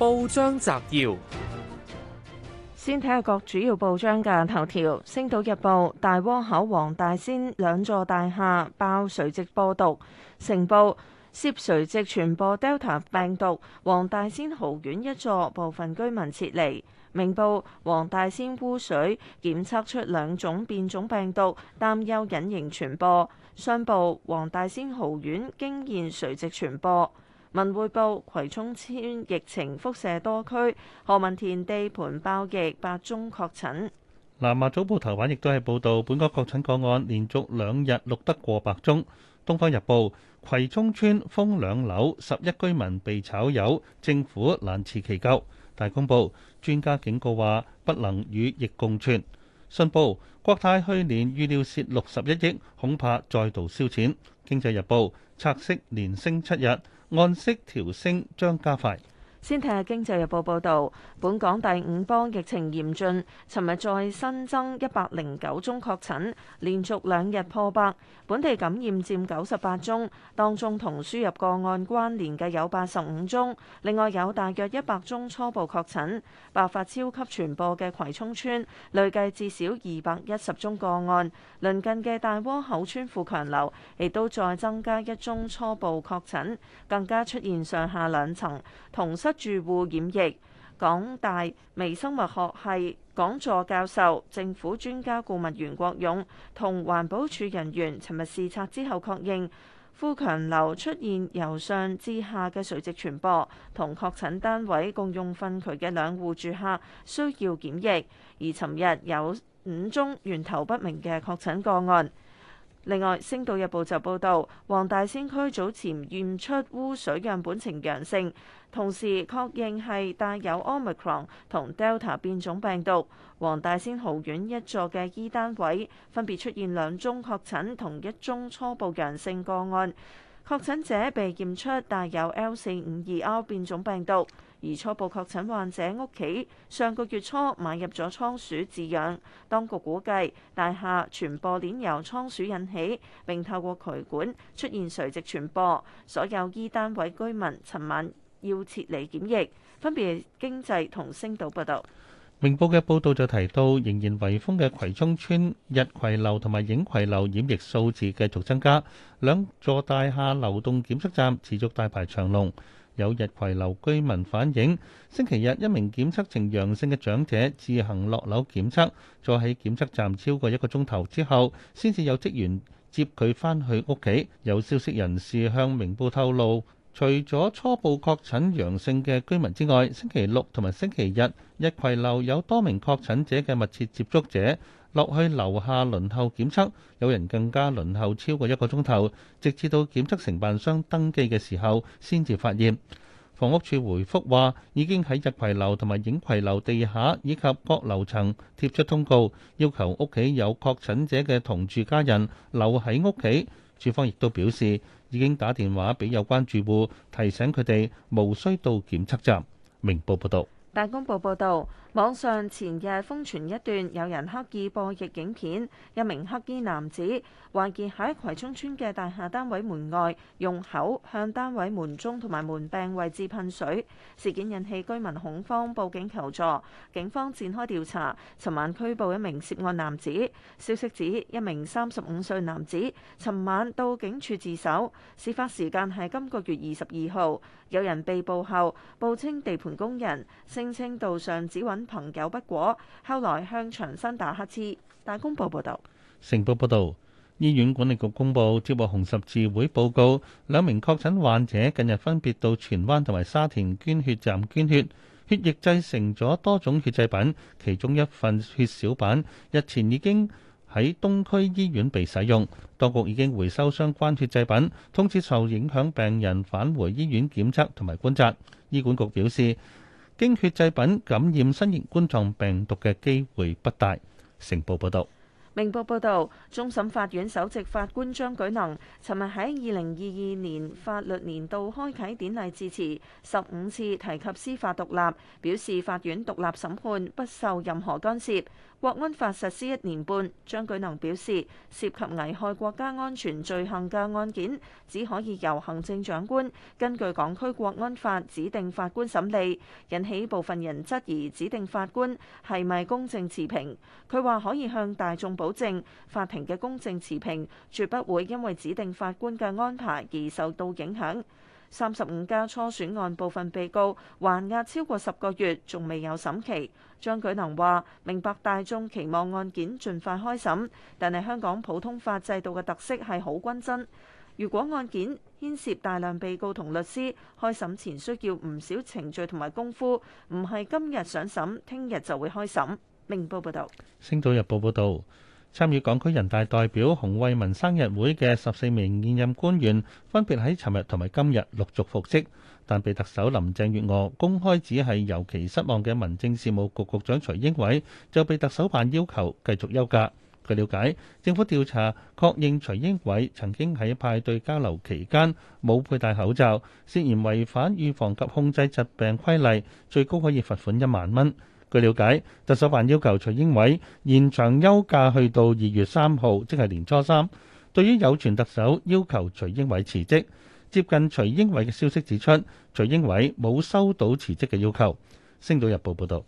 報章摘要：先睇下各主要報章嘅頭條。《星島日報》：大窩口黃大仙兩座大廈爆垂直播毒。《成報》：涉垂直傳播 Delta 病毒。黃大仙豪苑一座部分居民撤離。《明報》：黃大仙污水檢測出兩種變種病毒，擔憂隱形傳播。《商報》：黃大仙豪苑驚現垂直傳播。文匯報葵涌村疫情輻射多區，何文田地盤爆疫，八宗確診。南華早報頭版亦都係報道，本港確診個案連續兩日錄得過百宗。東方日報葵涌村封兩樓，十一居民被炒魷，政府難辭其咎。大公報專家警告話，不能與疫共存。信報國泰去年預料蝕六十一億，恐怕再度燒錢。經濟日報拆息連升七日。按息調升將加快。先睇下《經濟日報》報導，本港第五波疫情嚴峻，尋日再新增一百零九宗確診，連續兩日破百。本地感染佔九十八宗，當中同輸入個案關聯嘅有八十五宗，另外有大約一百宗初步確診。爆發超級傳播嘅葵涌村累計至少二百一十宗個案，鄰近嘅大窩口村富強樓亦都再增加一宗初步確診，更加出現上下兩層同室住戶檢疫，港大微生物學系講座教授、政府專家顧問袁國勇同環保署人員尋日視察之後確認，富強樓出現由上至下嘅垂直傳播，同確診單位共用糞渠嘅兩戶住客需要檢疫，而尋日有五宗源頭不明嘅確診個案。另外，《星島日報》就報道，黃大仙區早前驗出污水樣本呈陽性，同時確認係帶有 Omicron 同 Delta 變種病毒。黃大仙豪苑一座嘅 E 單位分別出現兩宗確診同一宗初步陽性個案，確診者被驗出帶有 L452R 變種病毒。而初步確診患者屋企上個月初買入咗倉鼠飼養，當局估計大廈傳播鏈由倉鼠引起，並透過渠管出現垂直傳播。所有依單位居民尋晚要撤離檢疫。分別經濟同星島報道，明報嘅報道就提到，仍然圍封嘅葵涌村日葵樓同埋影葵樓染疫數字繼續增加，兩座大廈流動檢測站持續大排長龍。有日葵樓居民反映，星期日一名檢測呈陽性嘅長者自行落樓檢測，坐喺檢測站超過一個鐘頭之後，先至有職員接佢翻去屋企。有消息人士向明報透露，除咗初步確診陽性嘅居民之外，星期六同埋星期日日葵樓有多名確診者嘅密切接觸者。落去樓下輪候檢測，有人更加輪候超過一個鐘頭，直至到檢測承辦商登記嘅時候，先至發現。房屋署回覆話，已經喺日葵樓同埋映葵樓地下以及各樓層貼出通告，要求屋企有確診者嘅同住家人留喺屋企。署方亦都表示，已經打電話俾有關住戶，提醒佢哋無需到檢測站。明報報導，大公報報導。網上前日風傳一段，有人刻意播疫影片，一名黑衣男子懷疑喺葵涌村嘅大廈單位門外，用口向單位門中同埋門柄位置噴水。事件引起居民恐慌，報警求助。警方展開調查，尋晚拘捕一名涉案男子。消息指一名三十五歲男子，尋晚到警署自首。事發時間係今個月二十二號，有人被捕後報稱地盤工人，聲稱到上址揾朋友不果，後來向長山打乞嗤。大公報報道，成報報道，醫院管理局公布接獲紅十字會報告，兩名確診患者近日分別到荃灣同埋沙田捐血站捐血，血液製成咗多種血製品，其中一份血小板日前已經喺東區醫院被使用，當局已經回收相關血製品，通知受影響病人返回醫院檢測同埋觀察。醫管局表示。經血製品感染新型冠狀病毒嘅機會不大。成報報道，明報報道，終審法院首席法官張舉能尋日喺二零二二年法律年度開啟典禮致辭，十五次提及司法獨立，表示法院獨立審判不受任何干涉。國安法實施一年半，張舉能表示涉及危害國家安全罪行嘅案件，只可以由行政長官根據港區國安法指定法官審理，引起部分人質疑指定法官係咪公正持平。佢話可以向大眾保證法庭嘅公正持平，絕不會因為指定法官嘅安排而受到影響。三十五家初選案部分被告還押超過十個月，仲未有審期。張舉能話：明白大眾期望案件盡快開審，但係香港普通法制度嘅特色係好均真。如果案件牽涉大量被告同律師，開審前需要唔少程序同埋功夫，唔係今日上審，聽日就會開審。明報報道，星島日報報道。參與港區人大代表洪為民生日會嘅十四名現任官員，分別喺尋日同埋今日陸續復職，但被特首林鄭月娥公開指係尤其失望嘅民政事務局局長徐英偉，就被特首辦要求繼續休假。據瞭解，政府調查確認徐英偉曾經喺派對交流期間冇佩戴口罩，涉嫌違反預防及控制疾病規例，最高可以罰款一萬蚊。據了解，特首辦要求徐英偉延長休假去到二月三號，即係年初三。對於有傳特首要求徐英偉辭職，接近徐英偉嘅消息指出，徐英偉冇收到辭職嘅要求。《星島日報》報道。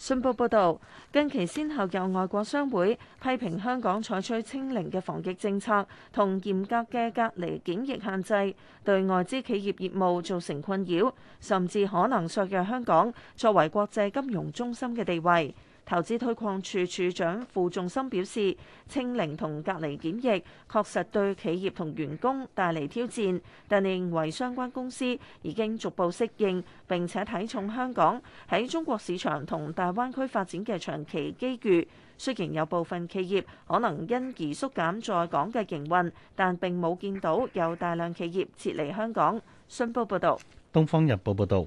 信報報導，近期先後有外國商會批評香港採取清零嘅防疫政策同嚴格嘅隔離檢疫限制，對外資企業業務造成困擾，甚至可能削弱香港作為國際金融中心嘅地位。投資推廣處處長傅仲森表示，清零同隔離檢疫確實對企業同員工帶嚟挑戰，但認為相關公司已經逐步適應，並且睇重香港喺中國市場同大灣區發展嘅長期機遇。雖然有部分企業可能因而縮減在港嘅營運，但並冇見到有大量企業撤離香港。信報報道。東方日報報道。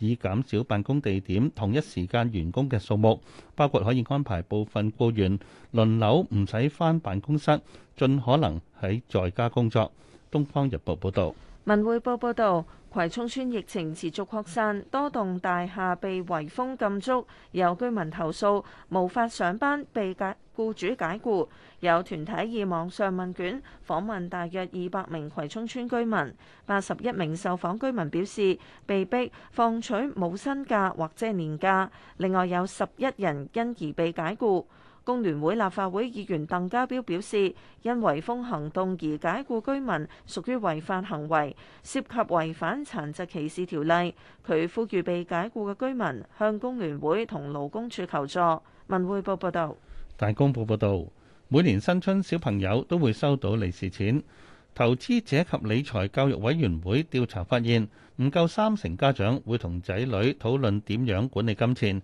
以減少辦公地點同一時間員工嘅數目，包括可以安排部分僱員輪流唔使返辦公室，盡可能喺在家工作。《東方日報》報導，《文匯報》報導。葵涌村疫情持續擴散，多棟大廈被圍封禁足，有居民投訴無法上班被解僱主解雇。有團體以網上問卷訪問大約二百名葵涌村居民，八十一名受訪居民表示被逼放取冇薪假或者年假，另外有十一人因而被解雇。工聯會立法會議員鄧家彪表示，因違風行動而解雇居民屬於違法行為，涉及違反殘疾歧視條例。佢呼籲被解雇嘅居民向工聯會同勞工處求助。文匯報報導。大公報報導，每年新春小朋友都會收到利是錢。投資者及理財教育委員會調查發現，唔夠三成家長會同仔女討論點樣管理金錢。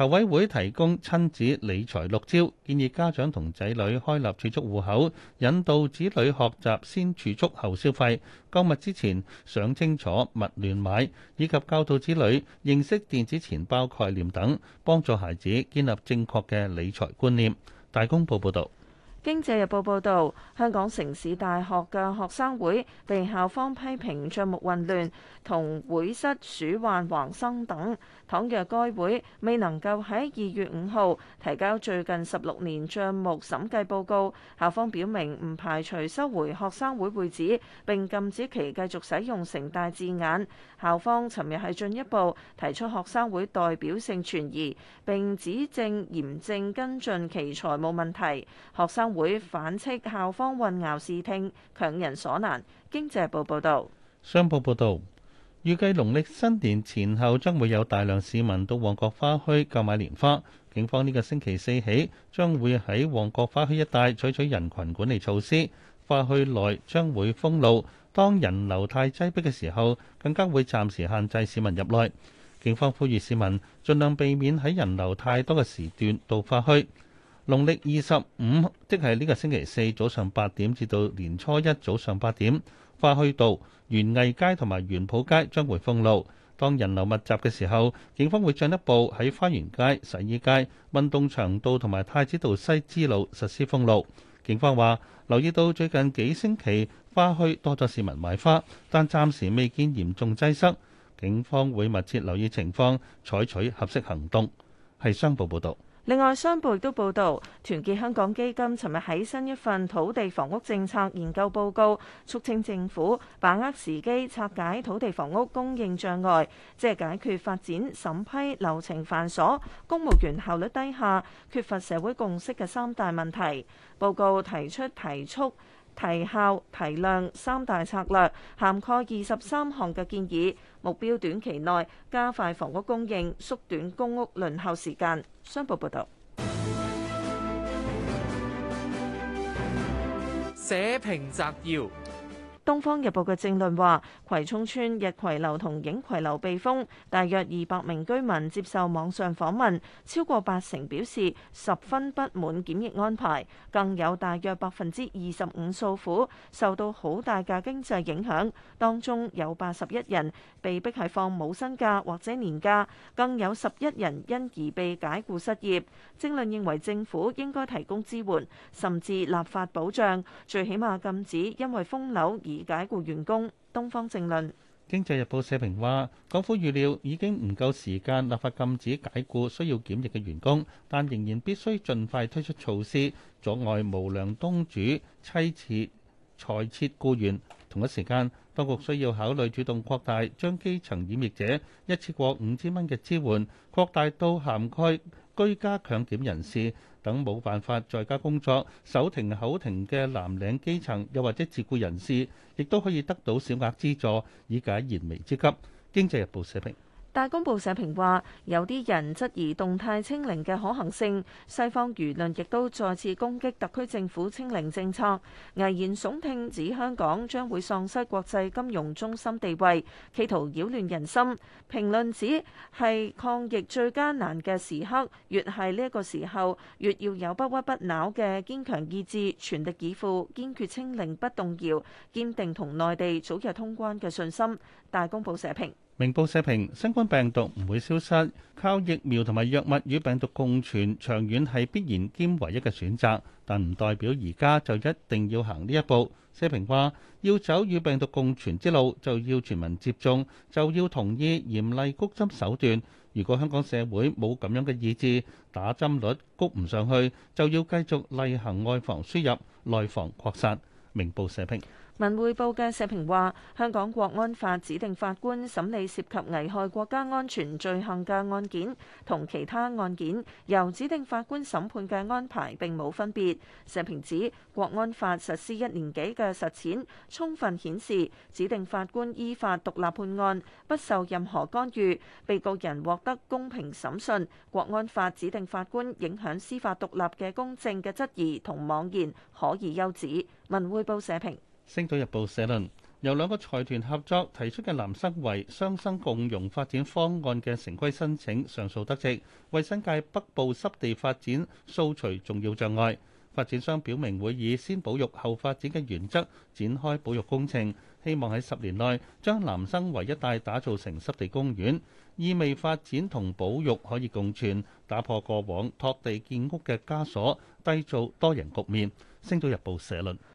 籌委會提供親子理財六招，建議家長同仔女開立儲蓄戶口，引導子女學習先儲蓄後消費，購物之前想清楚，勿亂買，以及教導子女認識電子錢包概念等，幫助孩子建立正確嘅理財觀念。大公報報導。《經濟日報》報導，香港城市大學嘅學生會被校方批評帳目混亂、同會室鼠患橫生等。倘若該會未能夠喺二月五號提交最近十六年帳目審計報告，校方表明唔排除收回學生會會址並禁止其繼續使用城大字眼。校方尋日係進一步提出學生會代表性存疑，並指正嚴正跟進其財務問題。學生會反斥校方混淆視聽、強人所難。經濟報報道，商報報道，預計農曆新年前後將會有大量市民到旺角花墟購買年花。警方呢個星期四起，將會喺旺角花墟一帶採取人群管理措施，花墟內將會封路。當人流太擠迫嘅時候，更加會暫時限制市民入內。警方呼籲市民盡量避免喺人流太多嘅時段到花墟。農曆二十五，25, 即係呢個星期四早上八點至到年初一早上八點，花墟道、園藝街同埋園圃街將會封路。當人流密集嘅時候，警方會進一步喺花園街、洗衣街、運動場道同埋太子道西支路實施封路。警方話留意到最近幾星期花墟多咗市民買花，但暫時未見嚴重擠塞。警方會密切留意情況，採取合適行動，係商報報道。另外，商報亦都報道，團結香港基金尋日喺新一份土地房屋政策研究報告，促請政府把握時機拆解土地房屋供應障礙，即係解決發展審批流程繁瑣、公務員效率低下、缺乏社會共識嘅三大問題。報告提出提速、提效、提量三大策略，涵蓋二十三項嘅建議。目標短期內加快房屋供應，縮短公屋輪候時間。商報報道。社評摘要。《東方日報》嘅政論話：葵涌村日葵樓同影葵樓被封，大約二百名居民接受網上訪問，超過八成表示十分不滿檢疫安排，更有大約百分之二十五訴苦受到好大嘅經濟影響。當中有八十一人被迫係放冇薪假或者年假，更有十一人因而被解雇失業。政論認為政府應該提供支援，甚至立法保障，最起碼禁止因為封樓。而解僱員工。《東方》正論。經濟日報社評話，港府預料已經唔夠時間立法禁止解僱需要檢疫嘅員工，但仍然必須盡快推出措施，阻礙無良東主妻妾裁切僱員。同一時間當局需要考慮主動擴大將基層染疫者一次過五千蚊嘅支援，擴大到涵蓋居家強檢人士。等冇辦法在家工作、手停口停嘅藍領基層，又或者自僱人士，亦都可以得到小額資助，以解燃眉之急。經濟日報社評。大公報社評話：有啲人質疑動態清零嘅可行性，西方輿論亦都再次攻擊特區政府清零政策，危言聳聽，指香港將會喪失國際金融中心地位，企圖擾亂人心。評論指係抗疫最艱難嘅時刻，越係呢一個時候，越要有不屈不撓嘅堅強意志，全力以赴，堅決清零，不動搖，堅定同內地早日通關嘅信心。大公報社評。明報社評：新冠病毒唔會消失，靠疫苗同埋藥物與病毒共存，長遠係必然兼唯一嘅選擇，但唔代表而家就一定要行呢一步。社評話：要走與病毒共存之路，就要全民接種，就要同意嚴厲谷針手段。如果香港社會冇咁樣嘅意志，打針率谷唔上去，就要繼續厲行外防輸入、內防擴散。明報社評。文匯報嘅社評話，香港國安法指定法官審理涉及危害國家安全罪行嘅案件，同其他案件由指定法官審判嘅安排並冇分別。社評指，國安法實施一年幾嘅實踐，充分顯示指定法官依法獨立判案，不受任何干預，被告人獲得公平審訊，國安法指定法官影響司法獨立嘅公正嘅質疑同妄言，可以休止。文匯報社評。星島日報社論：由兩個財團合作提出嘅南生圍雙生共融發展方案嘅城規申請上訴得直，為新界北部濕地發展掃除重要障礙。發展商表明會以先保育後發展嘅原則展開保育工程，希望喺十年內將南生圍一帶打造成濕地公園，意味發展同保育可以共存，打破過往托地建屋嘅枷鎖，締造多贏局面。星島日報社論。